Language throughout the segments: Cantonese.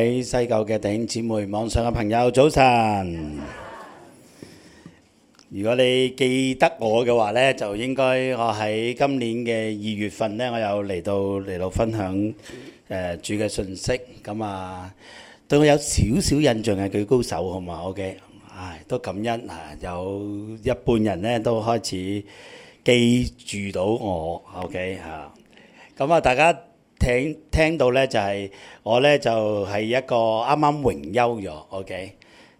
喺西九嘅弟兄姊妹、網上嘅朋友，早晨！如果你記得我嘅話呢，就應該我喺今年嘅二月份呢，我有嚟到嚟到分享誒主嘅信息。咁啊，對我有少少印象嘅舉高手，好嘛？OK，啊，都感恩啊，有一半人呢都開始記住到我，OK 嚇。咁啊，大家。聽聽到咧就係、是、我咧就係、是、一個啱啱榮休咗，OK，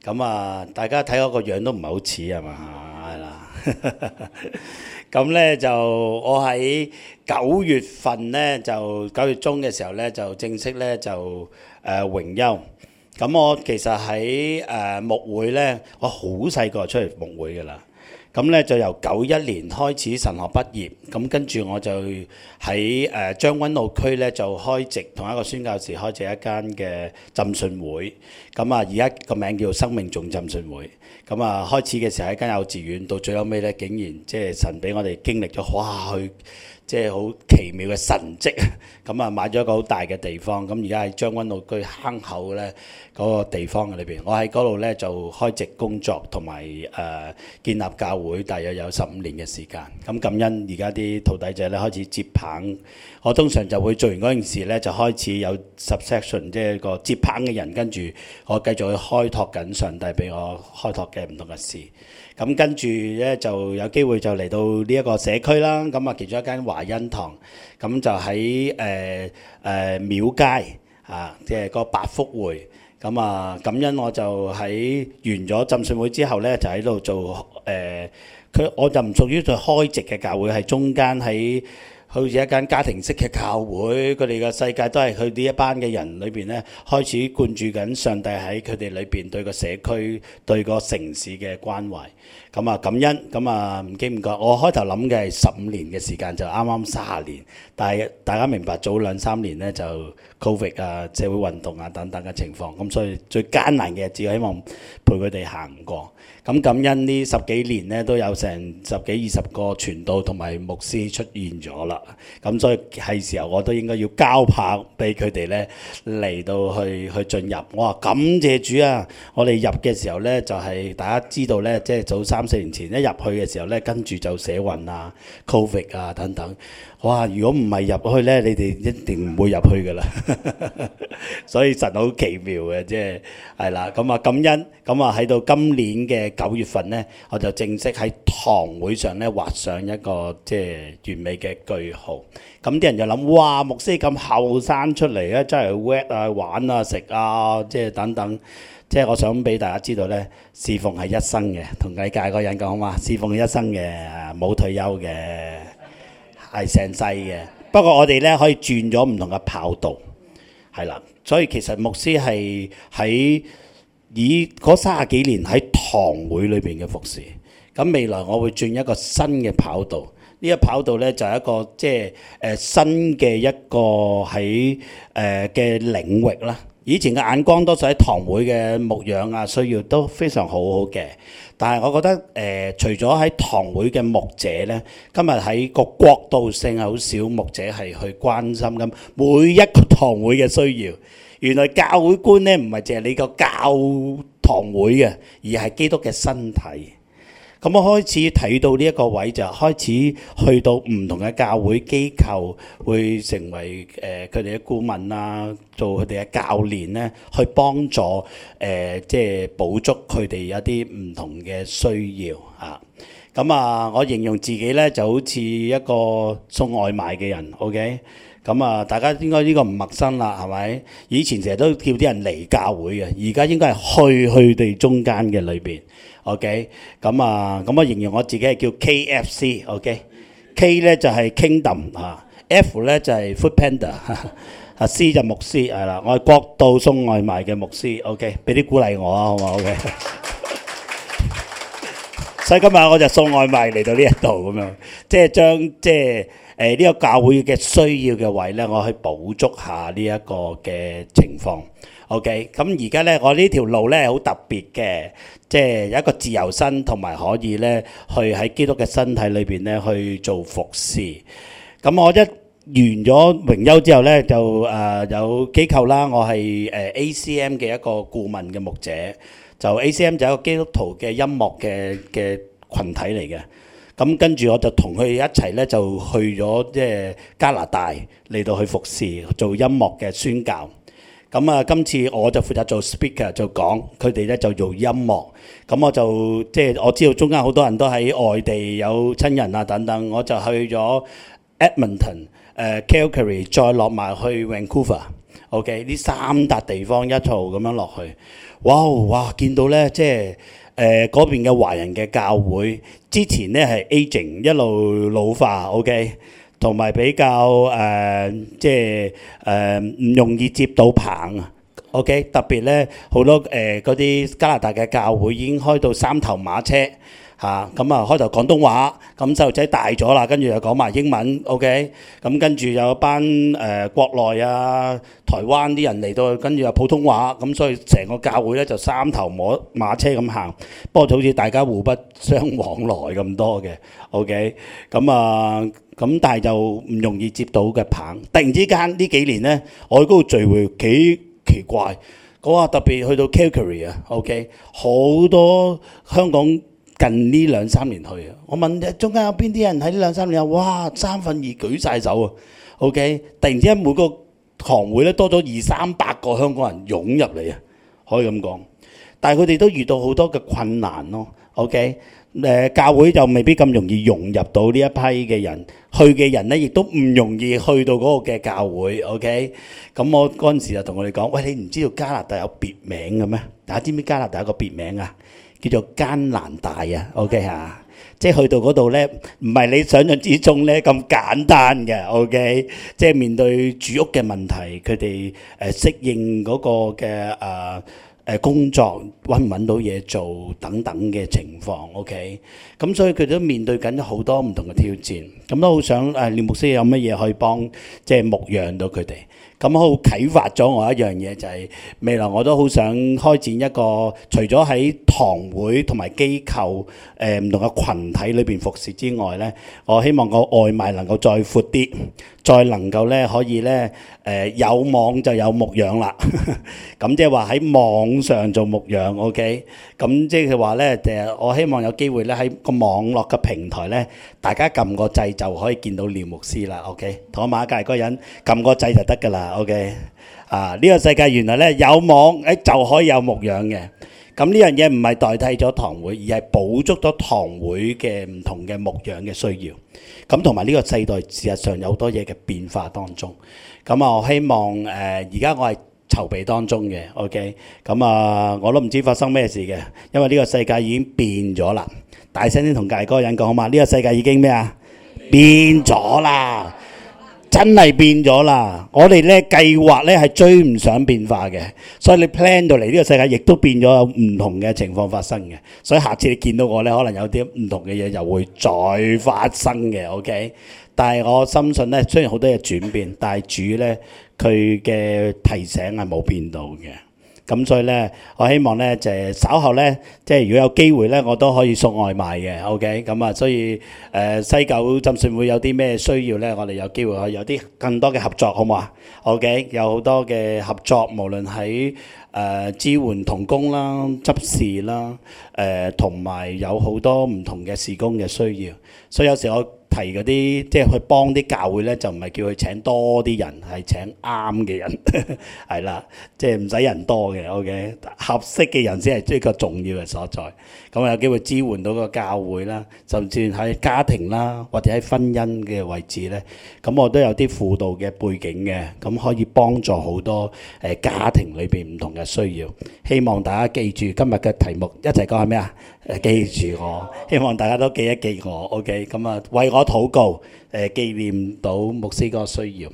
咁啊大家睇我個樣都唔係好似係嘛，係 啦，咁咧就我喺九月份咧就九月中嘅時候咧就正式咧就誒、呃、榮休，咁我其實喺誒牧會咧我好細個出嚟牧會㗎啦。咁咧、嗯、就由九一年開始神學畢業，咁、嗯、跟住我就喺誒將軍澳區咧就開席同一個宣教師開席一間嘅浸信會，咁啊而家個名叫生命重浸信會，咁、嗯、啊、嗯、開始嘅時候喺一間幼稚園，到最後尾咧竟然即係、就是、神俾我哋經歷咗，哇！去。即係好奇妙嘅神蹟，咁、嗯、啊買咗一個好大嘅地方，咁而家喺將軍澳居坑口咧嗰、那個地方嘅裏邊，我喺嗰度咧就開籍工作同埋誒建立教會，大約有十五年嘅時間。咁、嗯、感恩而家啲徒弟仔咧開始接棒，我通常就會做完嗰件事咧就開始有 succession，即係個接棒嘅人，跟住我繼續去開拓緊上帝俾我開拓嘅唔同嘅事。咁跟住咧就有機會就嚟到呢一個社區啦，咁啊其中一間華恩堂，咁就喺誒誒廟街啊，即、就、係、是、個百福會。咁啊感恩我就喺完咗浸信會之後咧，就喺度做誒，佢、呃、我就唔屬於做開席嘅教會，係中間喺。好似一間家庭式嘅教會，佢哋嘅世界都係去呢一班嘅人裏邊咧，開始灌注緊上帝喺佢哋裏邊對個社區、對個城市嘅關懷。咁啊感恩，咁啊唔經唔覺。我開頭諗嘅係十五年嘅時間，就啱啱卅年，但係大家明白早兩三年咧就 Covid 啊、社會運動啊等等嘅情況，咁、嗯、所以最艱難嘅只希望陪佢哋行過。咁感恩呢十幾年咧，都有成十幾二十個傳道同埋牧師出現咗啦。咁所以係時候我都應該要交棒俾佢哋咧嚟到去去進入。我話感謝主啊！我哋入嘅時候咧、就是，就係大家知道咧，即係早三四年前一入去嘅時候咧，跟住就社運啊、covid 啊等等。哇！如果唔係入去咧，你哋一定唔會入去噶啦。所以神好奇妙嘅，即係係啦。咁啊感恩，咁啊喺到今年嘅九月份咧，我就正式喺堂會上咧畫上一個即係完美嘅句號。咁啲人就諗哇，牧師咁後生出嚟咧，真係 wet 啊、玩啊、食啊、即係等等。即係我想俾大家知道咧，侍奉係一生嘅，同禮界嗰個人講好嘛，侍奉係一生嘅，冇退休嘅。係成世嘅，不過我哋咧可以轉咗唔同嘅跑道，係啦。所以其實牧師係喺以嗰卅幾年喺堂會裏邊嘅服侍。咁未來我會轉一個新嘅跑道。呢個跑道咧就係一個即係誒新嘅一個喺誒嘅領域啦。以前嘅眼光多數喺堂會嘅牧養啊，需要都非常好好嘅。但係我覺得，誒、呃，除咗喺堂會嘅牧者咧，今日喺個國度性好少牧者係去關心咁每一個堂會嘅需要。原來教會觀咧唔係淨係你個教堂會嘅，而係基督嘅身體。咁我、嗯、開始睇到呢一個位，就開始去到唔同嘅教會機構，會成為誒佢哋嘅顧問啊，做佢哋嘅教練咧，去幫助誒、呃、即係補足佢哋一啲唔同嘅需要嚇。咁啊、嗯、啊，我形容自己咧就好似一個送外賣嘅人，OK？咁啊，大家應該呢個唔陌生啦，係咪？以前成日都叫啲人嚟教會嘅，而家應該係去佢哋中間嘅裏邊。OK，咁啊，咁啊，我形容我自己係叫 KFC。OK，K 咧就係 Kingdom 啊，F 咧就係 Foodpanda 啊，C 就牧師係啦。我係國度送外賣嘅牧師。OK，俾啲鼓勵我啊，好唔好？OK，所以今日我就送外賣嚟到呢一度咁樣，即係將即係。誒呢個教會嘅需要嘅位咧，我去補足下呢一個嘅情況。OK，咁而家咧，我呢條路咧好特別嘅，即係有一個自由身，同埋可以咧去喺基督嘅身體裏邊咧去做服侍。咁我一完咗榮休之後咧，就誒有機構啦，我係誒 ACM 嘅一個顧問嘅牧者，就 ACM 就係一個基督徒嘅音樂嘅嘅羣體嚟嘅。咁跟住我就同佢一齊咧，就去咗即係加拿大嚟到去服侍做音樂嘅宣教。咁、嗯、啊，今次我就負責做 speaker 就講，佢哋咧就做音樂。咁、嗯、我就即係我知道中間好多人都喺外地有親人啊等等，我就去咗 Edmonton、呃、誒 Calgary 再落埋去 Vancouver。O.K. 呢三笪地方一套咁樣落去，哇、哦、哇見到咧，即係誒嗰邊嘅華人嘅教會，之前咧係 aging 一路老化，O.K. 同埋比較誒、呃、即係誒唔容易接到棒，O.K. 特別咧好多誒嗰啲加拿大嘅教會已經開到三頭馬車。嚇咁啊！開頭廣東話，咁細路仔大咗啦，跟住又講埋英文，OK。咁跟住有班誒國內啊、台灣啲人嚟到，跟住又普通話，咁所以成個教會咧就三頭摸馬車咁行。不過就好似大家互不相往來咁多嘅，OK。咁啊，咁但係就唔容易接到嘅棒。突然之間呢幾年咧，我去嗰度聚會幾奇怪。嗰下特別去到 Calgary 啊，OK，好多香港。近呢兩三年去啊！我問中間有邊啲人喺呢兩三年啊？哇！三分二舉晒手啊！OK，突然之間每個堂會咧多咗二三百個香港人湧入嚟啊，可以咁講。但係佢哋都遇到好多嘅困難咯。OK，誒，教會就未必咁容易融入到呢一批嘅人，去嘅人咧亦都唔容易去到嗰個嘅教會。OK，咁我嗰陣時就同佢哋講：喂，你唔知道加拿大有別名嘅咩？大家知唔知加拿大有個別名啊？叫做艱難大啊，OK 吓，即係去到嗰度咧，唔係你想像之中咧咁簡單嘅，OK，即係面對住屋嘅問題，佢哋誒適應嗰個嘅誒誒工作，搵唔搵到嘢做等等嘅情況，OK，咁所以佢都面對緊好多唔同嘅挑戰，咁都好想誒，廖牧師有乜嘢可以幫，即係牧養到佢哋。咁好啟發咗我一樣嘢，就係未來我都好想開展一個，除咗喺堂會同埋機構誒唔同嘅群體裏邊服侍之外咧，我希望個外賣能夠再闊啲，再能夠咧可以咧。誒，有網就有牧養啦，咁即係話喺網上做牧養，OK，咁即係話咧，誒，我希望有機會咧喺個網絡嘅平台咧，大家撳個掣就可以見到廖牧師啦，OK，同我馬介個人撳個掣就得噶啦，OK，啊，呢個世界原來咧有網誒就可以有牧養嘅，咁呢樣嘢唔係代替咗堂會，而係補足咗堂會嘅唔同嘅牧養嘅需要，咁同埋呢個世代事實上有好多嘢嘅變化當中。咁啊、嗯，我希望誒，而、呃、家我係籌備當中嘅，OK、嗯。咁、呃、啊，我都唔知發生咩事嘅，因為呢個世界已經變咗啦。大聲啲同大哥引講好嘛？呢、這個世界已經咩啊？變咗啦，真係變咗啦。我哋咧計劃咧係追唔上變化嘅，所以你 plan 到嚟呢、這個世界亦都變咗有唔同嘅情況發生嘅。所以下次你見到我咧，可能有啲唔同嘅嘢又會再發生嘅，OK。但係我深信咧，雖然好多嘢轉變，但係主咧佢嘅提醒係冇變到嘅。咁所以咧，我希望咧就稍後咧，即係如果有機會咧，我都可以送外賣嘅。OK，咁啊，所以誒西九浸信會有啲咩需要咧，我哋有機會可以有啲更多嘅合作，好唔好啊？OK，有好多嘅合作，無論喺誒支援同工啦、執事啦，誒同埋有好多唔同嘅事工嘅需要。所以有時我。提嗰啲即係去幫啲教會呢，就唔係叫佢請多啲人，係請啱嘅人，係 啦，即係唔使人多嘅，OK，合適嘅人先係最個重要嘅所在。咁啊，有機會支援到個教會啦，甚至喺家庭啦，或者喺婚姻嘅位置咧，咁我都有啲輔導嘅背景嘅，咁可以幫助好多誒家庭裏邊唔同嘅需要。希望大家記住今日嘅題目，一齊講係咩啊？誒，記住我，希望大家都記一記我，OK？咁啊，為我禱告，誒，紀念到牧師嘅需要。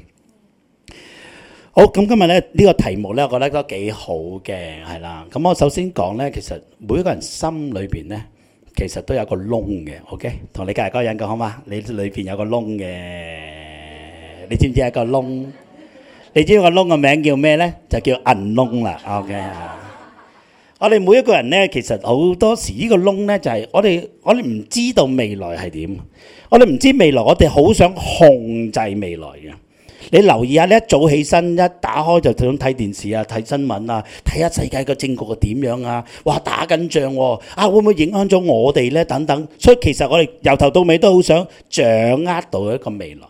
好咁，嗯，今日咧呢，這個題目咧，我覺得都幾好嘅，係啦。咁，嗯，我首先講咧，其實每一個人心裏邊咧，其實都有個窿嘅。OK，同你隔籬嗰個人講好嗎？你裏邊有個窿嘅，你知唔知係個窿？ 你知唔知個窿嘅名叫咩咧？就叫銀窿啦。OK 我哋每一個人咧，其實好多時個呢個窿咧，就係、是，我哋我哋唔知道未來係點，我哋唔知未來，我哋好想控制未來嘅。你留意下，你一早起身一打開就想睇電視啊、睇新聞啊、睇下世界個政局個點樣啊，哇打緊仗喎，啊，啊會唔會影響咗我哋呢？等等，所以其實我哋由頭到尾都好想掌握到一個未來。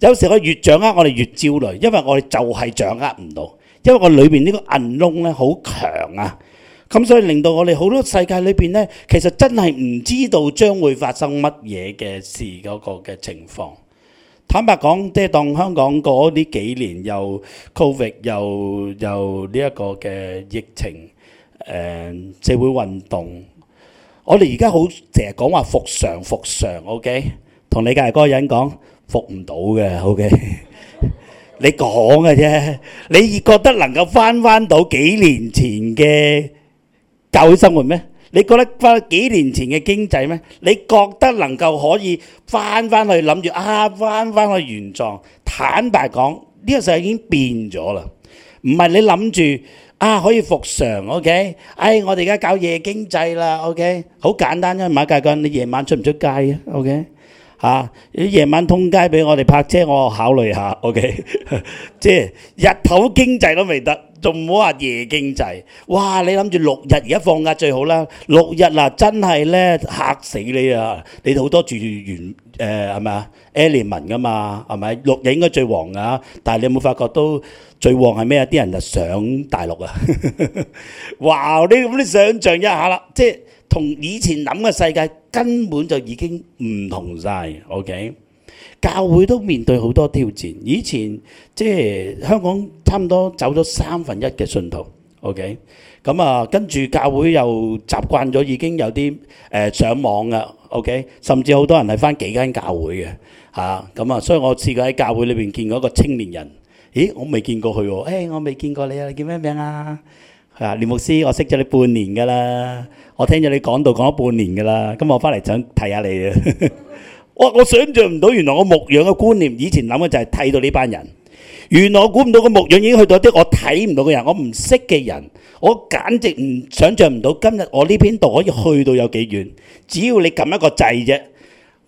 有時我越掌握，我哋越焦慮，因為我哋就係掌握唔到，因為我裏面個銀呢個銀窿咧好強啊，咁所以令到我哋好多世界裏邊呢，其實真係唔知道將會發生乜嘢嘅事嗰個嘅情況。坦白講，即係當香港嗰啲幾年又 covid 又又呢一個嘅疫情，誒，社會運動，我哋而家好成日講話復常復常，OK？同你隔離嗰個人講復唔到嘅，OK？你講嘅啫，你覺得能夠返返到幾年前嘅教會生活咩？你覺得翻幾年前嘅經濟咩？你覺得能夠可以翻翻去諗住啊，翻翻去原狀？坦白講，呢、這個世界已經變咗啦。唔係你諗住啊，可以復常？OK？哎，我哋而家搞夜經濟啦。OK？好簡單啫，啊，馬介軍，你夜晚出唔出街嘅，啊、？OK？吓！夜、啊、晚通街畀我哋泊車，我考慮下。O、okay? K， 即係日頭經濟都未得，仲唔好話夜經濟。哇！你諗住六日而家放假最好啦，六日嗱、啊、真係咧吓死你啊！你好多住完誒係咪啊？Element 噶嘛係咪？六日應該最旺噶，但係你有冇發覺都最旺係咩啊？啲人就上大陸啊， 哇！你咁你想象一下啦，即係。同以前諗嘅世界根本就已經唔同晒。OK，教會都面對好多挑戰。以前即係香港差唔多走咗三分一嘅信徒。OK，咁啊，跟住教會又習慣咗已經有啲誒上網㗎。OK，甚至好多人係翻幾間教會嘅吓咁啊。所以我試過喺教會裏邊見過一個青年人，咦，我未見過佢喎。誒，我未見過你啊，你叫咩名啊？係啊，連牧師，我識咗你半年㗎啦。我聽咗你講道講咗半年噶啦，咁我翻嚟想睇下你啊！哇，我想象唔到，原來我牧養嘅觀念，以前諗嘅就係睇到呢班人。原來我估唔到個牧養已經去到一啲我睇唔到嘅人，我唔識嘅人，我簡直唔想象唔到，今日我呢篇道可以去到有幾遠？只要你撳一個掣啫，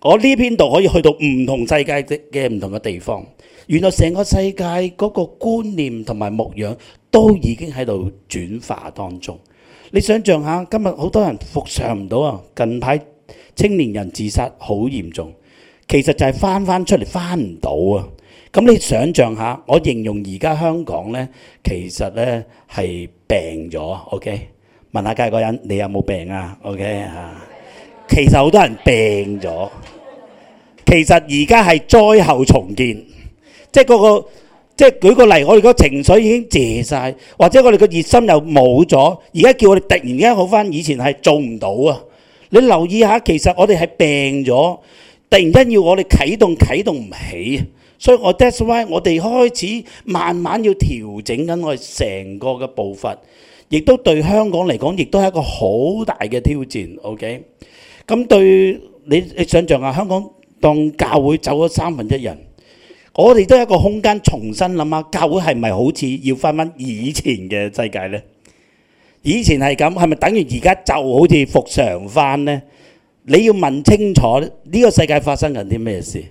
我呢篇道可以去到唔同世界嘅嘅唔同嘅地方。原來成個世界嗰個觀念同埋牧養都已經喺度轉化當中。你想象下，今日好多人復常唔到啊！近排青年人自殺好嚴重，其實就係翻翻出嚟翻唔到啊！咁你想象下，我形容而家香港呢，其實呢係病咗。OK，問下街嗰人，你有冇病啊？OK 嚇，其實好多人病咗，其實而家係災後重建，即係個個。即係舉個例，我哋個情緒已經謝晒，或者我哋個熱心又冇咗，而家叫我哋突然間好返，以前係做唔到啊！你留意下，其實我哋係病咗，突然間要我哋啟動，啟動唔起，所以我 that's why 我哋開始慢慢要調整緊我哋成個嘅步伐，亦都對香港嚟講，亦都係一個好大嘅挑戰。OK，okay? 咁對你，你想像下，香港當教會走咗三分一人，我哋都有一個空間重新諗下，教會係咪好似要翻翻以前嘅世界呢？以前係咁，係咪等於而家就好似復常翻呢？你要問清楚呢個世界發生緊啲咩事？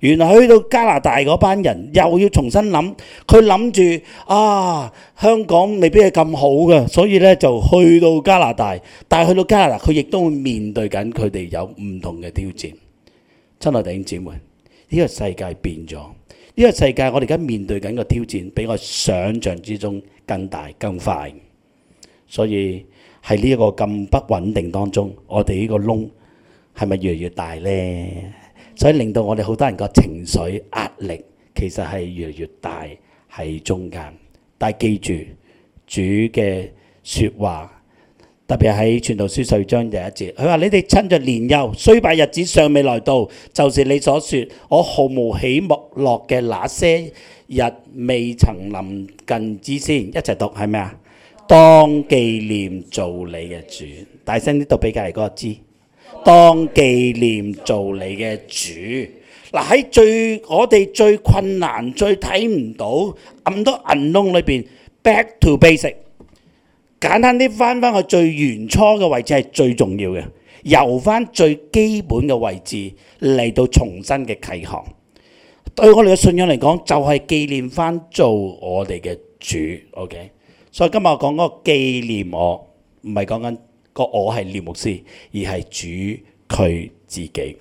原來去到加拿大嗰班人又要重新諗，佢諗住啊，香港未必係咁好噶，所以呢就去到加拿大。但係去到加拿大，佢亦都會面對緊佢哋有唔同嘅挑戰。親愛弟兄姊妹，呢個世界變咗。呢個世界，我哋而家面對緊個挑戰，比我想象之中更大更快。所以喺呢一個咁不穩定當中，我哋呢個窿係咪越嚟越大咧？所以令到我哋好多人個情緒壓力其實係越嚟越大喺中間。但係記住主嘅說話。特別喺《傳道書》四章第一節，佢話：你哋趁着年幼，衰敗日子尚未來到，就是你所說我毫無喜莫樂嘅那些日未曾臨近之先，一齊讀係咩？啊？Ctor, 對當紀念做你嘅主，上大聲啲讀畀隔籬嗰個知。Ili, 當紀念做你嘅主，嗱、嗯、喺最我哋最困難、最睇唔到咁多銀窿裏邊，back to basic。簡單啲，返返去最原初嘅位置係最重要嘅，由返最基本嘅位置嚟到重新嘅啓航。對我哋嘅信仰嚟講，就係、是、紀念返做我哋嘅主。OK，所以今日我講嗰個紀念我，唔係講緊個我係聶牧師，而係主佢自己。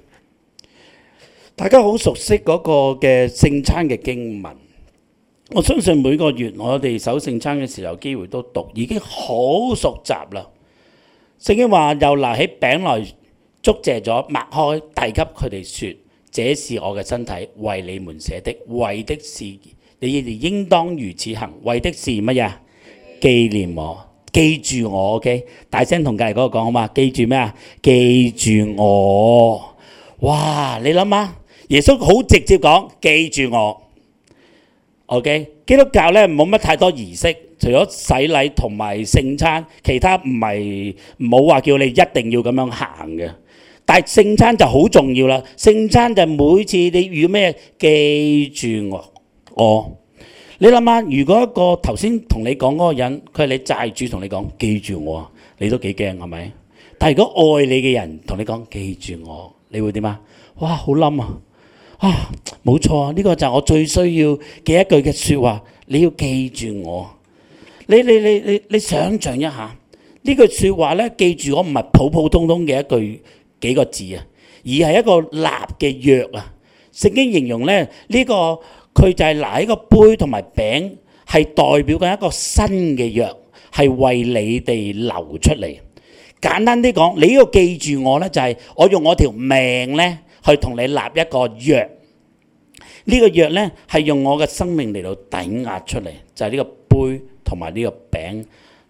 大家好熟悉嗰個嘅聖餐嘅經文。我相信每個月我哋守聖餐嘅時候機會都讀，已經好熟習啦。聖經話又拿起餅來，祝謝咗，擘開遞給佢哋，説：這是我嘅身體，為你們寫的，為的是你哋應當如此行。為的是乜嘢？紀念我，記住我。OK，大聲同隔籬嗰個講好嘛？記住咩啊？記住我。哇！你諗下，耶穌好直接講，記住我。O.K. 基督教呢，冇乜太多儀式，除咗洗禮同埋聖餐，其他唔係冇話叫你一定要咁樣行嘅。但聖餐就好重要啦，聖餐就每次你遇咩，記住我。我你諗下，如果一個頭先同你講嗰個人，佢係你債主，同你講記住我，你都幾驚係咪？但係如果愛你嘅人同你講記住我，你會點啊？哇，好冧啊！啊，冇錯，呢個就係我最需要嘅一句嘅説話，你要記住我。你你你你你想象一下，呢、嗯、句説話呢，記住我唔係普普通通嘅一句幾個字啊，而係一個立嘅約啊。聖經形容呢，呢、這個佢就係拿一個杯同埋餅，係代表緊一個新嘅約，係為你哋流出嚟。簡單啲講，你要記住我呢，就係、是、我用我條命呢。去同你立一個約，呢、這個約呢，係用我嘅生命嚟到抵押出嚟，就係、是、呢個杯同埋呢個餅，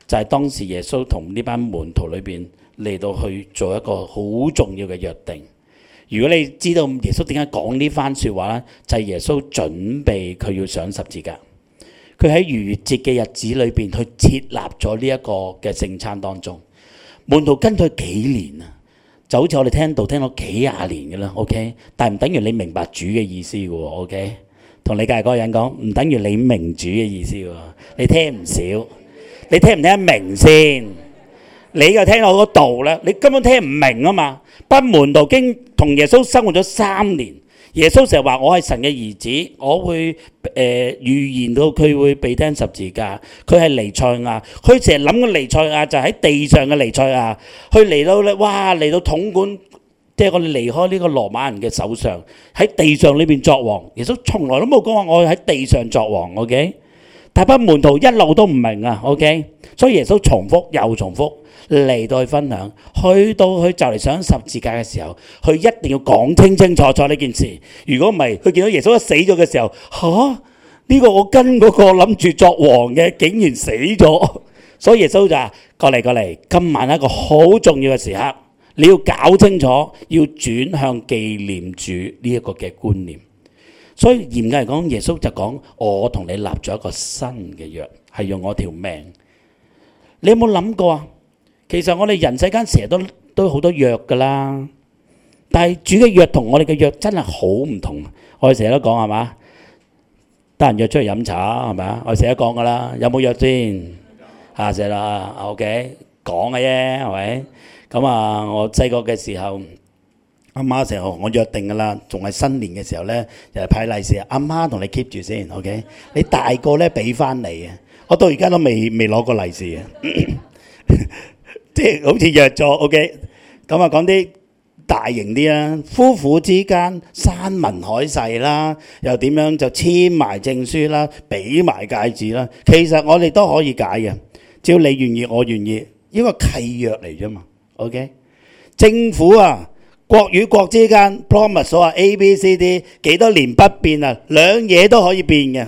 就係、是、當時耶穌同呢班門徒裏邊嚟到去做一個好重要嘅約定。如果你知道耶穌點解講呢番説話呢，就係、是、耶穌準備佢要上十字架，佢喺逾越節嘅日子裏邊去設立咗呢一個嘅聖餐當中。門徒跟佢幾年啊？就好似我哋聽道聽咗幾廿年噶啦，OK，但唔等於你明白主嘅意思噶喎，OK。同你介嗰個人講，唔等於你明主嘅意思喎。你聽唔少，你聽唔聽得明先？你又聽我嗰道咧，你根本聽唔明啊嘛。不瞞道經同耶穌生活咗三年。耶穌成日話我係神嘅兒子，我會誒、呃、預言到佢會被釘十字架。佢係尼賽亞，佢成日諗嘅尼賽亞就喺地上嘅尼賽亞。佢嚟到呢，哇嚟到統管，即係我哋離開呢個羅馬人嘅手上喺地上裏面作王。耶穌從來都冇講我喺地上作王，OK？大班門徒一路都唔明啊，OK，所以耶穌重複又重複嚟到去分享，去到佢就嚟上十字架嘅時候，佢一定要講清清楚楚呢件事。如果唔係，佢見到耶穌一死咗嘅時候，吓，呢個我跟嗰個諗住作王嘅竟然死咗，所以耶穌就話：過嚟過嚟，今晚係一個好重要嘅時刻，你要搞清楚，要轉向記念主呢一個嘅觀念。所以嚴格嚟講，耶穌就講：我同你立咗一個新嘅約，係用我條命。你有冇諗過啊？其實我哋人世間成日都都好多約噶啦，但係主嘅約同我哋嘅約真係好唔同。我哋成日都講係嘛？得閒約出去飲茶係咪啊？我成日都講噶啦，有冇約先？嚇死啦！OK，講嘅啫係咪？咁啊，我細個嘅時候。阿媽成日同我約定噶啦，仲係新年嘅時候咧，就係派利是。阿媽同你 keep 住先，OK？你大個咧俾翻你呀。我到而家都未未攞過利是呀，即係好似約咗 OK。咁啊，講啲大型啲啊，夫婦之間山盟海誓啦，又點樣就簽埋證書啦，俾埋戒指啦。其實我哋都可以解嘅，只要你願意，我願意，因為契約嚟啫嘛。OK？政府啊～國與國之間，promise 所話 A、B、C、D 幾多年不變啊？兩嘢都可以變嘅。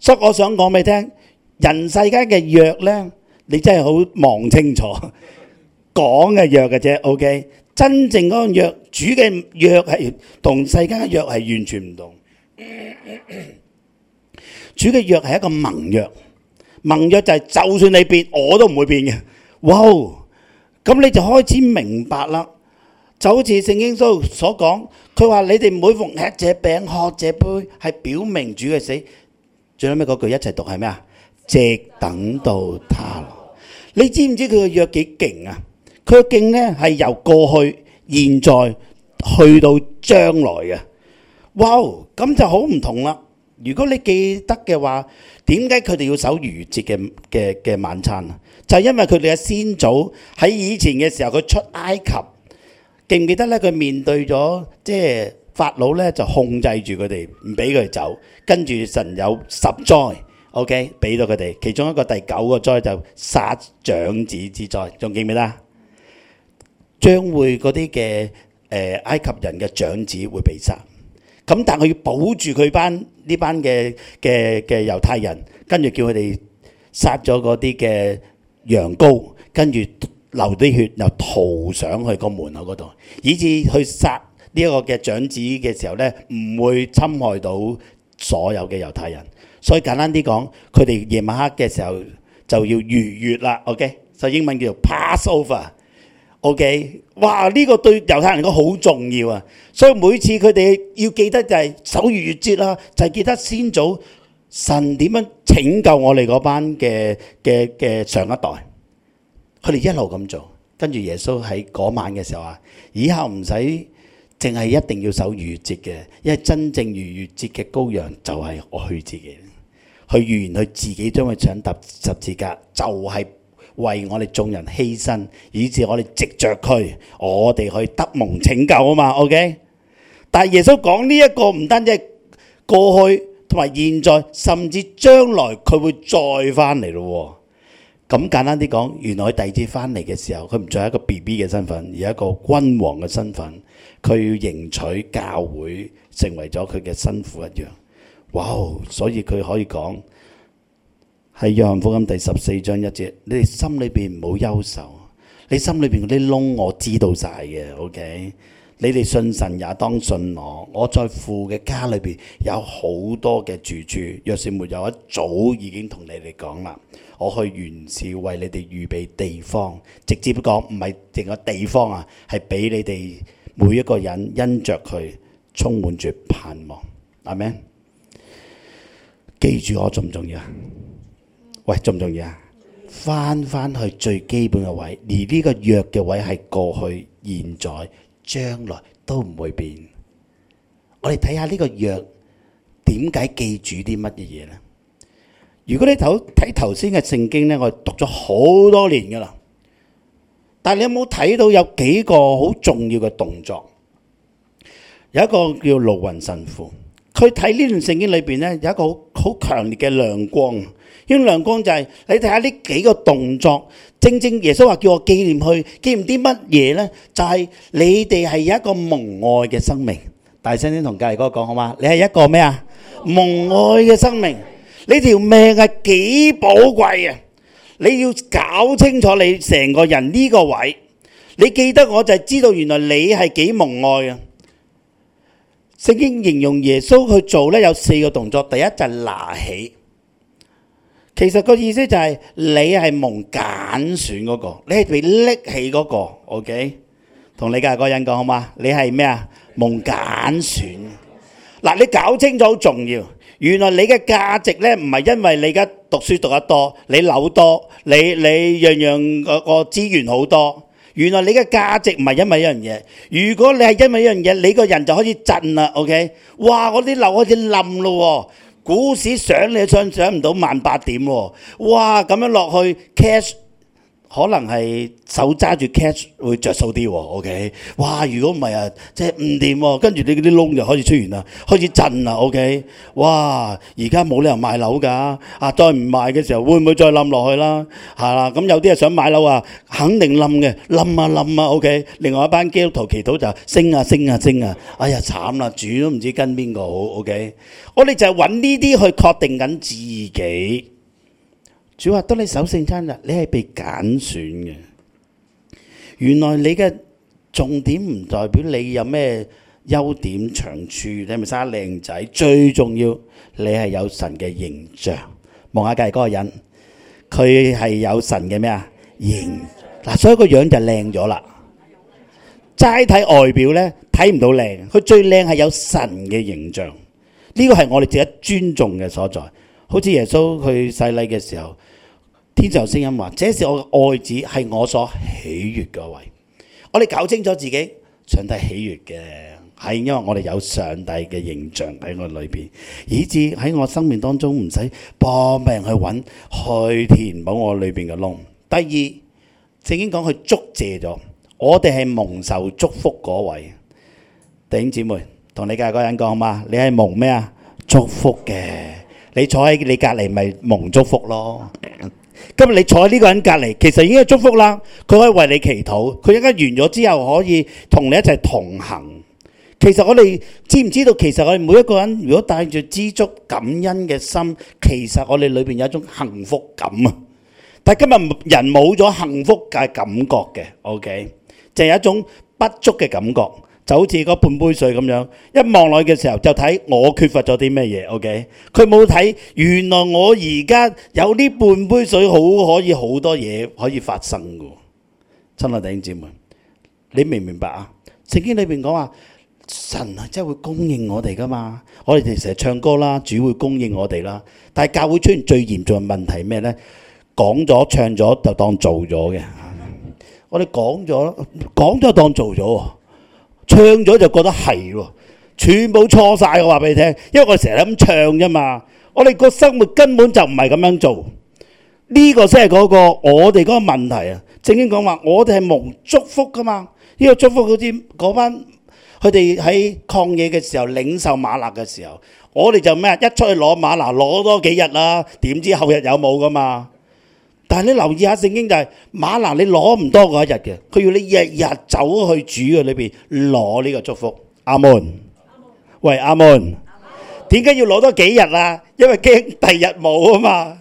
所、so, 以我想講畀你聽，人世間嘅約咧，你真係好望清楚講嘅約嘅啫。OK，真正嗰個約，主嘅約係同世間嘅約係完全唔同。主嘅約係一個盟約，盟約就係、是、就算你變，我都唔會變嘅。哇，咁你就開始明白啦。就好似聖經書所講，佢話：你哋每逢吃這餅喝這杯，係表明主嘅死。最後尾嗰句一齊讀係咩啊？直等到他來。你知唔知佢嘅約幾勁啊？佢嘅勁呢係由過去、現在去到將來嘅哇，咁、wow, 就好唔同啦。如果你記得嘅話，點解佢哋要守逾節嘅嘅嘅晚餐啊？就是、因為佢哋嘅先祖喺以前嘅時候，佢出埃及。記唔記得咧？佢面對咗即係法老咧，就控制住佢哋，唔俾佢哋走。跟住神有十災，OK，俾咗佢哋。其中一個第九個災就殺長子之災，仲記唔記得？將會嗰啲嘅誒埃及人嘅長子會被殺。咁但係佢要保住佢班呢班嘅嘅嘅猶太人，跟住叫佢哋殺咗嗰啲嘅羊羔，跟住。流啲血又塗上去個門口嗰度，以致去殺呢一個嘅長子嘅時候咧，唔會侵害到所有嘅猶太人。所以簡單啲講，佢哋夜晚黑嘅時候就要逾越啦。OK，就英文叫做 Passover。OK，哇！呢個對猶太人嚟講好重要啊。所以每次佢哋要記得就係守逾越節啦，就係記得先祖神點樣拯救我哋嗰班嘅嘅嘅上一代。佢哋一路咁做，跟住耶穌喺嗰晚嘅時候啊，以後唔使淨係一定要守逾越節嘅，因為真正逾越節嘅羔羊就係佢自己，佢預言佢自己將佢搶搭十字架，就係為我哋眾人犧牲，以致我哋藉著佢，我哋可以得蒙拯救啊嘛。OK，但係耶穌講呢一個唔單止係過去同埋現在，甚至將來佢會再翻嚟咯。咁簡單啲講，原來第二次翻嚟嘅時候，佢唔再係一個 B B 嘅身份，而係一個君王嘅身份，佢要迎娶教會，成為咗佢嘅新婦一樣。哇哦！所以佢可以講喺約翰福音第十四章一節，你哋心裏邊唔好憂愁，你心裏邊嗰啲窿我知道晒嘅，OK。你哋信神也當信我。我在父嘅家裏邊有好多嘅住處，若是沒有，一早已經同你哋講啦。我去原是為你哋預備地方，直接講唔係淨係地方啊，係畀你哋每一個人因着佢充滿住盼望。阿們，記住我重唔重要啊？喂，重唔重要啊？返返去最基本嘅位，而呢個約嘅位係過去現在。將來都唔會變。我哋睇下呢個約點解記住啲乜嘢咧？如果你頭睇頭先嘅聖經咧，我讀咗好多年噶啦。但係你有冇睇到有幾個好重要嘅動作？有一個叫盧雲神父，佢睇呢段聖經裏邊咧，有一個好好強烈嘅亮光。呢個亮光就係你睇下呢幾個動作。正正耶穌話叫我紀念，去紀念啲乜嘢呢？就係你哋係一個蒙愛嘅生命，大聲啲同隔離哥講好嘛！你係一個咩啊？蒙愛嘅生命，你條命係幾寶貴啊！你要搞清楚你成個人呢個位，你記得我就係知道原來你係幾蒙愛啊！聖經形容耶穌去做呢，有四個動作，第一就係拿起。其實個意思就係你係蒙揀選嗰個，你係被拎起嗰個，OK？同你家個人講好嘛？你係咩啊？蒙揀選。嗱，你搞清楚好重要。原來你嘅價值咧唔係因為你而家讀書讀得多，你樓多，你你樣樣個資源好多。原來你嘅價值唔係因為一樣嘢。如果你係因為一樣嘢，你個人就可以震啦。OK？哇，我啲樓開始冧咯。股市上你想唔到萬八點喎，哦，哇，咁樣落去 cash。可能係手揸住 cash 會着數啲喎，OK？哇！如果唔係啊，即係唔掂喎，跟住你嗰啲窿就開始出現啦，開始震啦，OK？哇！而家冇理由賣樓噶，啊再唔賣嘅時候會唔會再冧落去啦？係啦，咁有啲人想買樓啊，肯定冧嘅，冧啊冧啊，OK？另外一班基督徒祈禱就升啊升啊升啊，哎呀慘啦，主都唔知跟邊個好，OK？我哋就係揾呢啲去確定緊自己。主話：當你守聖餐日，你係被揀選嘅。原來你嘅重點唔代表你有咩優點長處，你係咪生得靚仔？最重要，你係有神嘅形象。望下隔籬嗰個人，佢係有神嘅咩啊？形象。嗱，所以個樣就靚咗啦。齋睇外表咧，睇唔到靚。佢最靚係有神嘅形象。呢個係我哋值得尊重嘅所在。好似耶穌去洗禮嘅時候。天上有聲音話：這是我嘅愛子，係我所喜悅嗰位。我哋搞清楚自己，上帝喜悅嘅係因為我哋有上帝嘅形象喺我裏邊，以致喺我生命當中唔使搏命去揾去填補我裏邊嘅窿。第二，正經講，佢祝賜咗，我哋係蒙受祝福嗰位。弟兄姊妹，同你隔離個人講嘛，你係蒙咩啊？祝福嘅，你坐喺你隔離咪蒙祝福咯。今日你坐喺呢個人隔籬，其實已經係祝福啦。佢可以為你祈禱，佢一陣間完咗之後可以同你一齊同行。其實我哋知唔知道？其實我哋每一個人如果帶住知足感恩嘅心，其實我哋裏邊有一種幸福感啊！但係今日人冇咗幸福嘅感覺嘅，OK，就係一種不足嘅感覺。就好似嗰半杯水咁樣，一望落去嘅時候就睇我缺乏咗啲咩嘢。OK，佢冇睇，原來我而家有呢半杯水，好可以好多嘢可以發生噶。親愛弟兄姊妹，你明唔明白啊？聖經裏邊講話神啊，真係會供應我哋噶嘛？我哋成日唱歌啦，主會供應我哋啦。但係教會出現最嚴重嘅問題咩咧？講咗唱咗就當做咗嘅，我哋講咗講咗就當做咗。唱咗就覺得係喎，全部錯晒。我話俾你聽，因為我成日咁唱啫嘛。我哋個生活根本就唔係咁樣做，呢個先係嗰個我哋嗰個問題啊。正經講話，我哋係無祝福噶嘛？呢個祝福好似嗰班佢哋喺曠野嘅時候領受馬拿嘅時候，我哋就咩？一出去攞馬拿攞多幾日啦，點知後日有冇噶嘛？但係你留意下聖經就係馬拿你攞唔多嗰一日嘅，佢要你日日走去主嘅裏邊攞呢個祝福。阿門，喂阿門，點解要攞多幾日啊？因為驚第日冇啊嘛。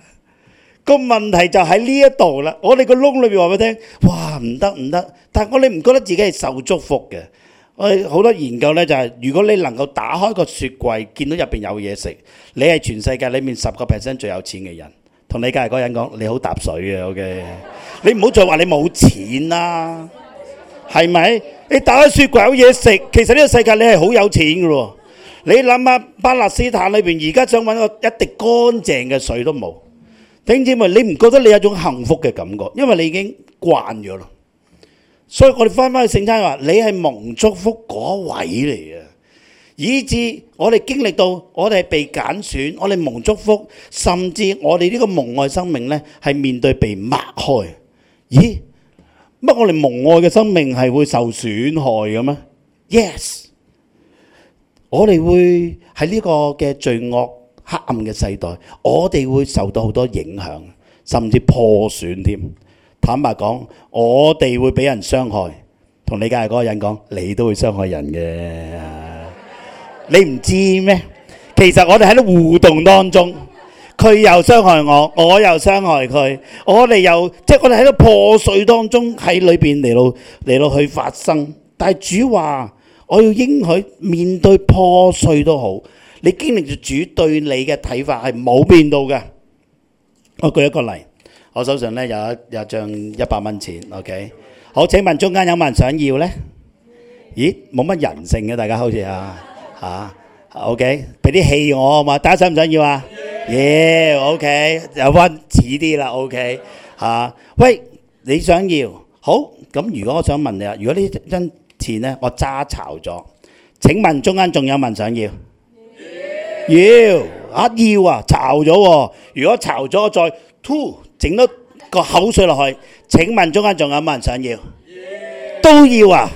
個問題就喺呢一度啦。我哋個窿裏邊話你聽，哇唔得唔得。但係我哋唔覺得自己係受祝福嘅。我哋好多研究呢就係，如果你能夠打開個雪櫃，見到入邊有嘢食，你係全世界裏面十個 percent 最有錢嘅人。同你隔籬嗰人講，你好揼水啊，OK。你唔好再話你冇錢啦，係咪？你打開雪櫃有嘢食，其實呢個世界你係好有錢嘅喎。你諗下巴勒斯坦裏邊而家想揾個一滴乾淨嘅水都冇，頂住咪？你唔覺得你有種幸福嘅感覺，因為你已經慣咗啦。所以我哋翻返去聖餐話，你係蒙祝福嗰位嚟嘅。以致我哋經歷到，我哋被揀選，我哋蒙祝福，甚至我哋呢個蒙愛生命咧，係面對被抹開。咦？乜我哋蒙愛嘅生命係會受損害嘅咩？Yes，我哋會喺呢個嘅罪惡黑暗嘅世代，我哋會受到好多影響，甚至破損添。坦白講，我哋會俾人傷害。同你隔籬嗰個人講，你都會傷害人嘅。你唔知咩？其實我哋喺度互動當中，佢又傷害我，我又傷害佢，我哋又即係我哋喺度破碎當中喺裏邊嚟到嚟到去發生。但係主話我要應許面對破碎都好，你經歷住主對你嘅睇法係冇變到嘅。我舉一個例，我手上呢有一，有一張一百蚊錢，OK？好，請問中間有冇人想要呢？咦，冇乜人性嘅，大家好似啊～啊，OK，俾啲氣我啊嘛，大家想唔想要啊？耶，OK，又溫遲啲啦，OK，吓，喂，你想要？好，咁如果我想問你啊，如果呢張錢咧我揸巢咗，請問中間仲有冇人想要？要，啊要啊，巢咗，如果巢咗再吐，整多個口水落去，請問中間仲有冇人想要？要都要啊，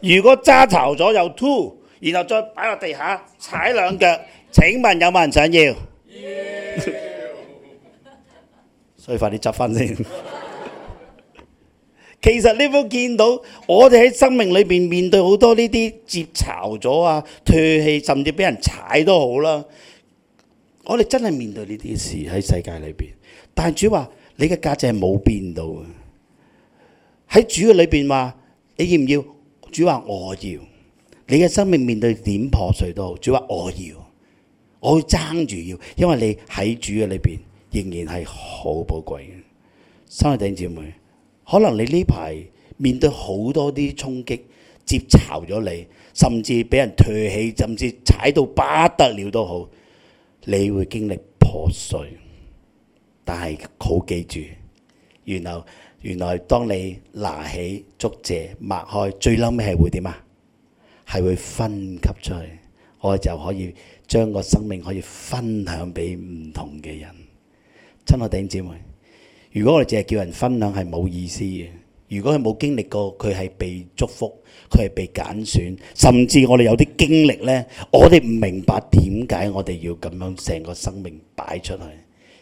如果揸巢咗又吐。然後再擺落地下踩兩腳， 請問有冇人想要？Yeah. 所以快啲執翻先。其實你會見到我哋喺生命裏面面對好多呢啲折巢咗啊、脫氣，甚至俾人踩都好啦。我哋真係面對呢啲事喺世界裏邊，mm hmm. 但主話你嘅價值係冇變到啊。喺主嘅裏邊話，你要唔要？主話我要。你嘅生命面對點破碎都好，主話我要，我要爭住要，因為你喺主嘅裏邊仍然係好寶貴嘅。三位弟兄姊妹，可能你呢排面對好多啲衝擊，接巢咗你，甚至畀人唾棄，甚至踩到不得了都好，你會經歷破碎。但係好記住，原來原來當你拿起祝謝、擘開，最嬲尾係會點啊？係會分給出去，我就可以將個生命可以分享畀唔同嘅人。親愛頂姊妹，如果我哋淨係叫人分享係冇意思嘅。如果佢冇經歷過，佢係被祝福，佢係被揀選，甚至我哋有啲經歷咧，我哋唔明白點解我哋要咁樣成個生命擺出去。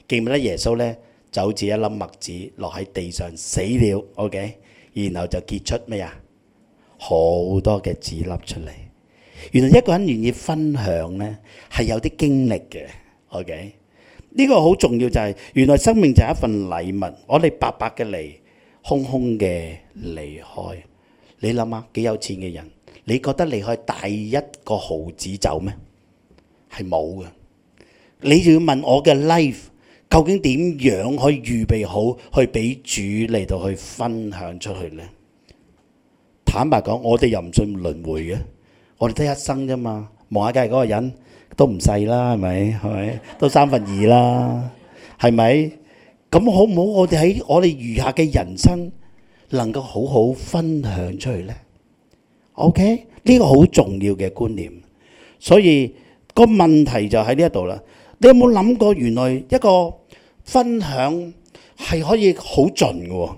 記唔記得耶穌咧，就好似一粒麥子落喺地上死了，OK，然後就結出咩啊？好多嘅紙粒出嚟，原來一個人願意分享呢，係有啲經歷嘅。OK，呢個好重要就係，原來生命就係一份禮物。我哋白白嘅嚟，空空嘅離開。你諗下，幾有錢嘅人，你覺得離開第一個毫紙走咩？係冇嘅。你就要問我嘅 life 究竟點樣可以預備好去俾主嚟到去分享出去呢？坦白講，我哋又唔信輪迴嘅，我哋得一生啫嘛。望下界嗰個人都唔細啦，係咪？係咪都三分二啦，係咪？咁好唔好？我哋喺我哋餘下嘅人生，能夠好好分享出去咧。OK，呢個好重要嘅觀念。所以個問題就喺呢一度啦。你有冇諗過，原來一個分享係可以好盡嘅？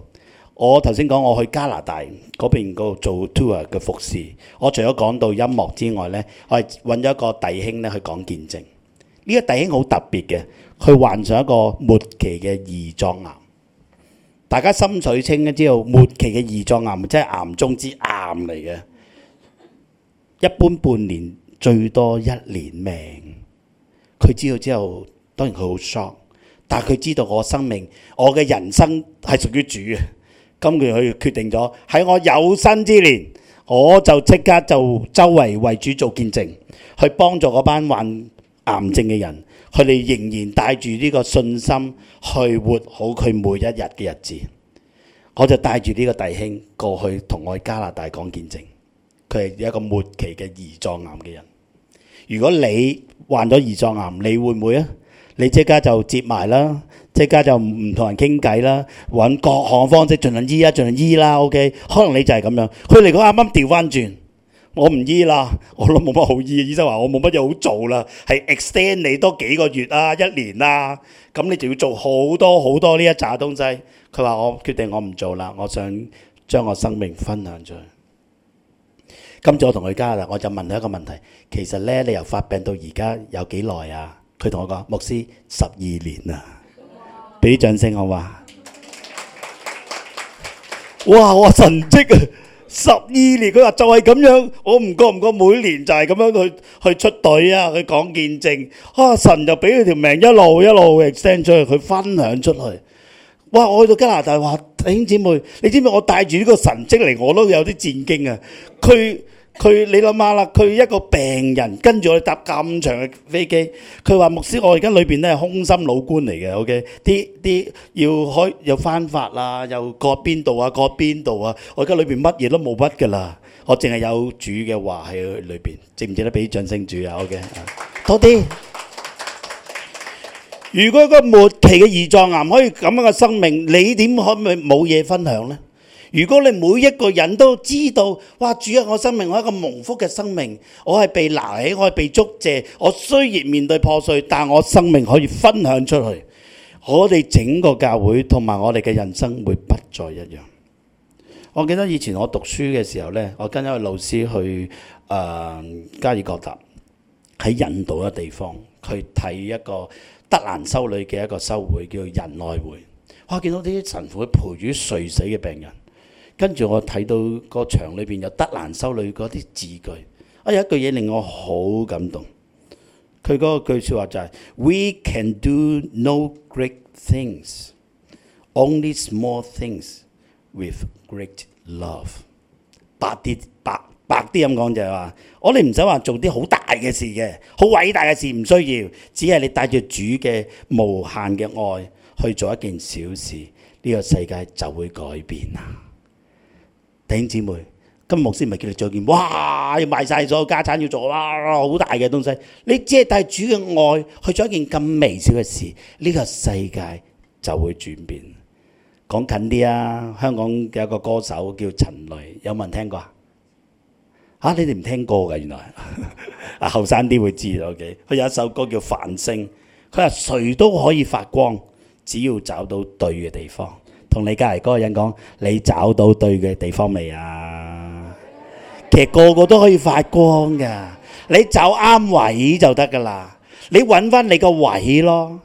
我頭先講我去加拿大嗰邊嗰度做 tour 嘅服侍。我除咗講到音樂之外呢，我係揾咗一個弟兄咧去講見證。呢個弟兄好特別嘅，佢患上一個末期嘅胰臟癌。大家心水清咧，知道末期嘅胰臟癌真係癌中之癌嚟嘅。一般半年最多一年命。佢知道之後，當然佢好 shock，但係佢知道我生命，我嘅人生係屬於主嘅。咁佢去決定咗喺我有生之年，我就即刻就周圍為主做見證，去幫助嗰班患癌症嘅人。佢哋仍然帶住呢個信心去活好佢每一日嘅日子。我就帶住呢個弟兄過去同我喺加拿大講見證。佢係一個末期嘅胰臟癌嘅人。如果你患咗胰臟癌，你會唔會啊？你即刻就接埋啦！即刻就唔同人傾偈啦，揾各項方式盡量醫啊，盡量醫啦。O K，可能你就係咁樣。佢嚟講啱啱調翻轉，我唔醫啦，我都冇乜好醫。醫生話我冇乜嘢好做啦，係 extend 你多幾個月啊，一年啦。咁你就要做好多好多呢一紮東西。佢話我決定我唔做啦，我想將我生命分享咗。今次我同佢加啦，我就問佢一個問題：其實咧，你由發病到而家有幾耐啊？佢同我講牧師十二年啊。俾掌聲好嘛？哇！我神蹟啊，十二年佢話就係咁樣，我唔覺唔覺每年就係咁樣去去出隊啊，去講見證，啊，神就俾佢條命一路一路 extend 出去，佢分享出去。哇！我去到加拿大，話弟兄姊妹，你知唔知我帶住呢個神蹟嚟，我都有啲戰驚啊！佢。佢你諗下啦，佢一個病人跟住去搭咁長嘅飛機，佢話牧師，我而家裏邊咧係空心老官嚟嘅，OK，啲啲要開又翻法啊，又割邊度啊，割邊度啊，我而家裏邊乜嘢都冇乜噶啦，我淨係有主嘅話喺裏邊，值唔值得俾掌聲主啊？OK，多啲。如果一個末期嘅胰臟癌可以咁樣嘅生命，你點可唔可以冇嘢分享咧？如果你每一個人都知道，哇！主啊，我生命我一個蒙福嘅生命，我係被拿起，我係被祝福，我雖然面對破碎，但我生命可以分享出去，我哋整個教會同埋我哋嘅人生會不再一樣。我記得以前我讀書嘅時候咧，我跟一位老師去誒加爾各答喺印度嘅地方，去睇一個德蘭修女嘅一個修會，叫做仁愛會。我見到啲神父陪住垂死嘅病人。跟住我睇到個牆裏邊有德蘭修女嗰啲字句，啊、哎、有一句嘢令我好感動。佢嗰句説話就係、是、 ：We can do no great things, only small things with great love 白。白啲白白啲咁講就係話：我哋唔使話做啲好大嘅事嘅，好偉大嘅事唔需要，只係你帶住主嘅無限嘅愛去做一件小事，呢、這個世界就會改變啊！弟姐妹，今日牧唔係叫你著件，哇！要賣所有家產要做，哇！好大嘅東西。你只藉帶主嘅愛去做一件咁微小嘅事，呢、這個世界就會轉變。講近啲啊，香港嘅一個歌手叫陳雷，有冇人聽過？嚇、啊！你哋唔聽歌嘅原來，啊後生啲會知道。道嘅，佢有一首歌叫《繁星》，佢話誰都可以發光，只要找到對嘅地方。同你隔籬嗰個人講：你找到對嘅地方未啊？其實個個都可以發光噶，你找啱位就得噶啦。你揾翻你個位咯，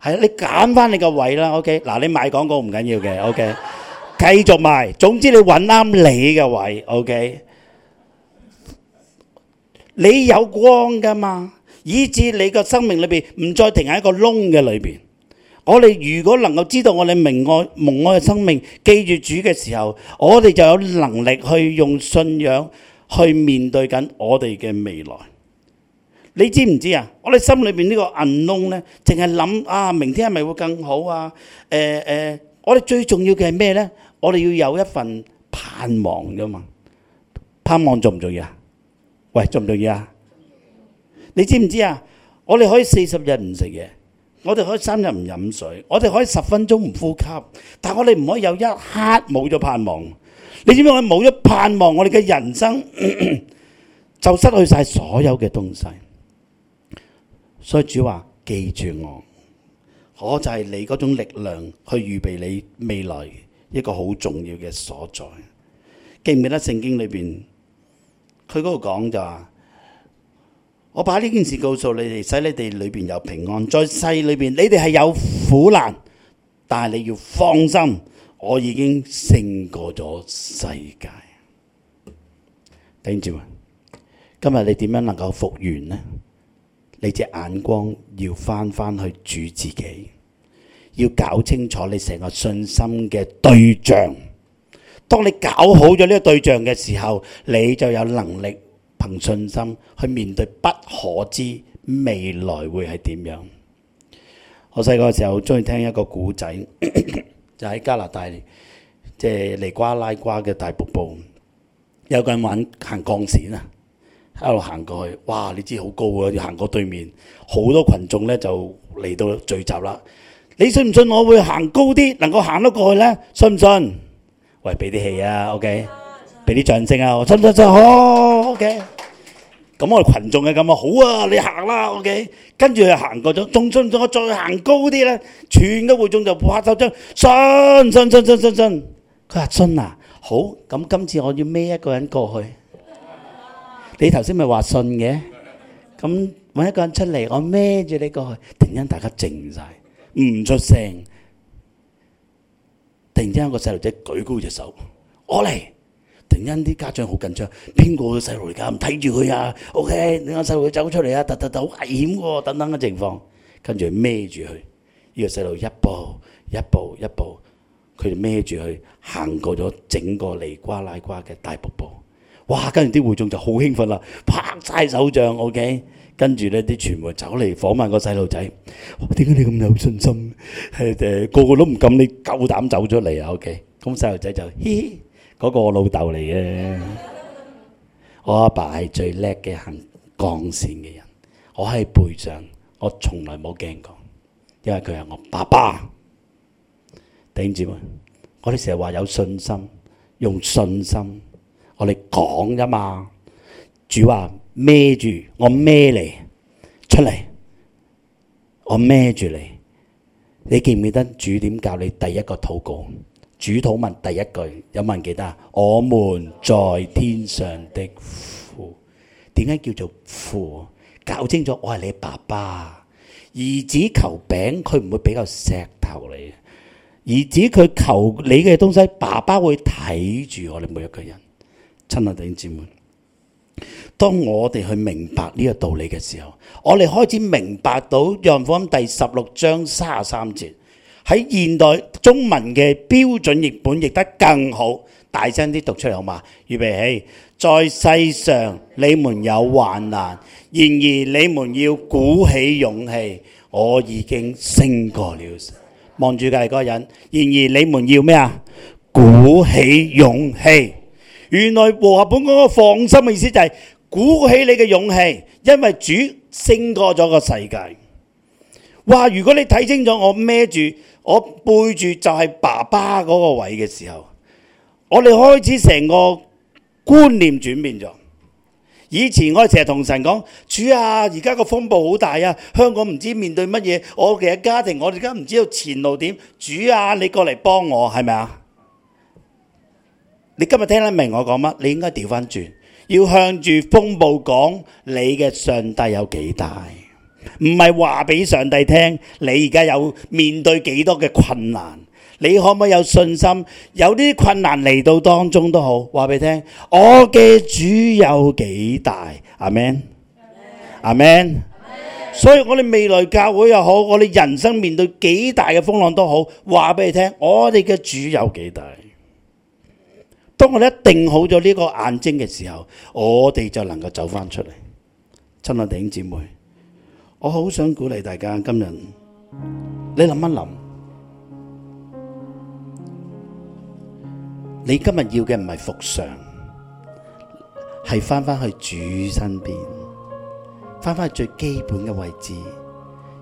係啊，你揀翻你個位啦。OK，嗱，你買廣告唔緊要嘅。OK，繼續買。總之你揾啱你嘅位。OK，你有光噶嘛？以至你個生命裏邊唔再停喺一個窿嘅裏邊。我哋如果能夠知道我哋明愛蒙愛嘅生命，記住主嘅時候，我哋就有能力去用信仰去面對緊我哋嘅未來。你知唔知啊？我哋心裏面呢個暗窿咧，淨係諗啊，明天係咪會更好啊？誒誒，我哋最重要嘅係咩咧？我哋要有一份盼望噶嘛？盼望重唔重要啊？喂，重唔重要啊？你知唔知啊？我哋可以四十日唔食嘢。我哋可以三日唔飲水，我哋可以十分鐘唔呼吸，但我哋唔可以有一刻冇咗盼望。你知唔知我哋冇咗盼望，我哋嘅人生咳咳就失去晒所有嘅東西。所以主話：記住我，我就係你嗰種力量去預備你未來一個好重要嘅所在。記唔記得聖經裏邊佢嗰度講就話、是？我把呢件事告訴你哋，使你哋裏邊有平安。在世裏邊，你哋係有苦難，但係你要放心，我已經勝過咗世界。聽住啊！今日你點樣能夠復原呢？你隻眼光要翻翻去主自己，要搞清楚你成個信心嘅對象。當你搞好咗呢個對象嘅時候，你就有能力。憑信心去面對不可知未來會係點樣？我細個時候，鍾意聽一個古仔，就喺加拿大，即係尼瓜拉瓜嘅大瀑布，有個人玩行鋼線呀，一路行過去，哇，你知好高啊，要行過對面，好多群眾咧就嚟到聚集喇，你信唔信我會行高啲，能夠行得過去呢？信唔信？ 喂，畀啲氣呀，ok? Okay? 畀啲掌聲呀，信唔信，信，好，ok? 咁我哋群眾係咁啊，好啊，你行啦，OK，跟住佢行過咗，仲信唔信我再行高啲咧，全個會眾就拍手掌，信信信信信信。佢話信啊，好，咁今次我要孭一個人過去。你頭先咪話信嘅，咁搵一個人出嚟，我孭住你過去。突然間大家靜晒，唔出聲。突然間有個細路仔舉高隻手，我嚟。突然啲家長好緊張，邊個細路嚟㗎？唔睇住佢啊！OK，你個細路走出嚟啊！突突突，好危險喎！等等嘅情況，跟住孭住佢，呢、呢個細路一步一步一步，佢就孭住佢行過咗整個離瓜拉瓜嘅大瀑布。哇！跟住啲會眾就好興奮啦，拍晒手掌。OK，跟住咧，啲傳媒走嚟訪問個細路仔。哇！點解你咁有信心？係誒，個個都唔敢，你夠膽，膽走出嚟啊？OK，咁細路仔就嘻嘻。嗰個我老豆嚟嘅，我阿爸係最叻嘅行鋼線嘅人，我喺背上，我從來冇驚過，因為佢係我爸爸。頂住嘛，我哋成日話有信心，用信心，我哋講啫嘛。主話孭住我孭你出嚟，我孭住你，你。你記唔記得主點教你第一個禱告？主禱文第一句，有冇人記得啊？我們在天上的父，點解叫做父？搞清楚，我係你爸爸。兒子求餅，佢唔會俾嚿石頭你。兒子佢求你嘅東西，爸爸會睇住我哋每一個人。親愛的弟兄姊妹，當我哋去明白呢個道理嘅時候，我哋開始明白到約翰福音第十六章三十三節。喺現代中文嘅標準譯本譯得更好，大聲啲讀出嚟好嘛？預備起，在世上你們有患難，然而你們要鼓起勇氣。我已經勝過了，望住佢嗰個人。然而你們要咩啊？鼓起勇氣。原來和合本嗰個放心嘅意思就係鼓起你嘅勇氣，因為主勝過咗個世界。哇！如果你睇清楚，我孭住。我背住就係爸爸嗰個位嘅時候，我哋開始成個觀念轉變咗。以前我成日同神講，主啊，而家個風暴好大啊，香港唔知面對乜嘢，我嘅家庭我哋而家唔知道前路點。主啊，你過嚟幫我，係咪啊？你今日聽得明我講乜？你應該調翻轉，要向住風暴講，你嘅上帝有幾大？唔係話畀上帝聽，你而家有面對幾多嘅困難，你可唔可以有信心？有啲困難嚟到當中都好，話畀你聽我嘅主有幾大？阿們阿們，所以我哋未來教會又好，我哋人生面對幾大嘅風浪都好，話畀你聽，我哋嘅主有幾大？當我哋一定好咗呢個眼睛嘅時候，我哋就能夠走返出嚟，親愛弟兄姊妹。我好想鼓勵大家今，今日你諗一諗，你今日要嘅唔係服侍，係翻返去主身邊，翻返去最基本嘅位置。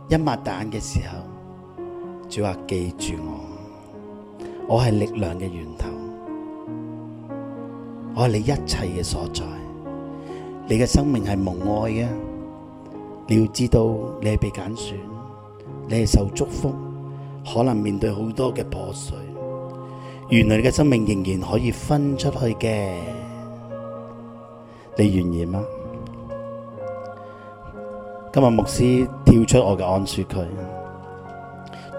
一擘餅嘅時候，主話記住我，我係力量嘅源頭，我係你一切嘅所在，你嘅生命係無愛嘅。你要知道，你係被揀選，你係受祝福，可能面對好多嘅破碎。原來你嘅生命仍然可以分出去嘅，你願意嗎？今日牧師跳出我嘅安舒區，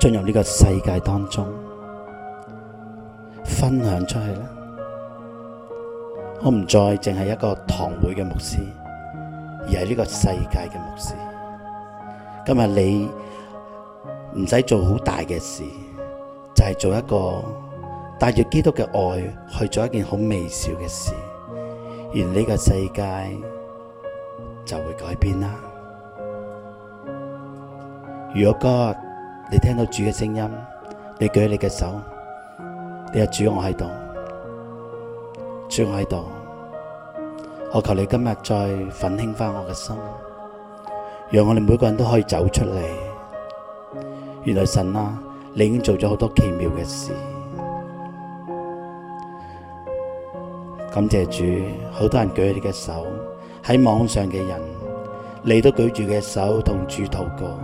進入呢個世界當中，分享出去啦！我唔再淨係一個堂會嘅牧師。而係呢個世界嘅牧師，今日你唔使做好大嘅事，就係做一個帶住基督嘅愛去做一件好微小嘅事，而呢個世界就會改變啦。如果今日你聽到主嘅聲音，你舉起你嘅手，你就「主我喺度」、「主我喺度」。我求你今日再奮興翻我嘅心，讓我哋每個人都可以走出嚟。原來神啊，你已經做咗好多奇妙嘅事。感謝主，好多人舉住你嘅手，喺網上嘅人，你都舉住嘅手同主禱過。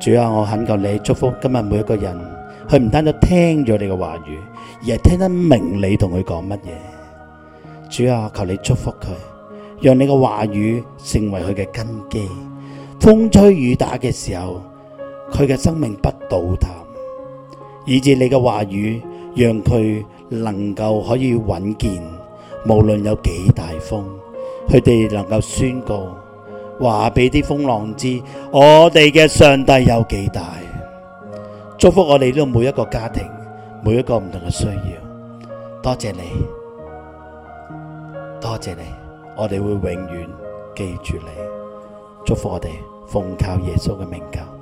主啊，我懇求你祝福今日每一個人，佢唔單止聽咗你嘅話語，而係聽得明你同佢講乜嘢。主啊，求你祝福佢，讓你嘅話語成為佢嘅根基。風吹雨打嘅時候，佢嘅生命不倒塌，以至你嘅話語讓佢能夠可以穩健。無論有幾大風，佢哋能夠宣告，話俾啲風浪知，我哋嘅上帝有幾大。祝福我哋呢度每一個家庭，每一個唔同嘅需要。多謝你。多謝你，我哋會永遠記住你。祝福我哋，奉靠耶穌嘅名求。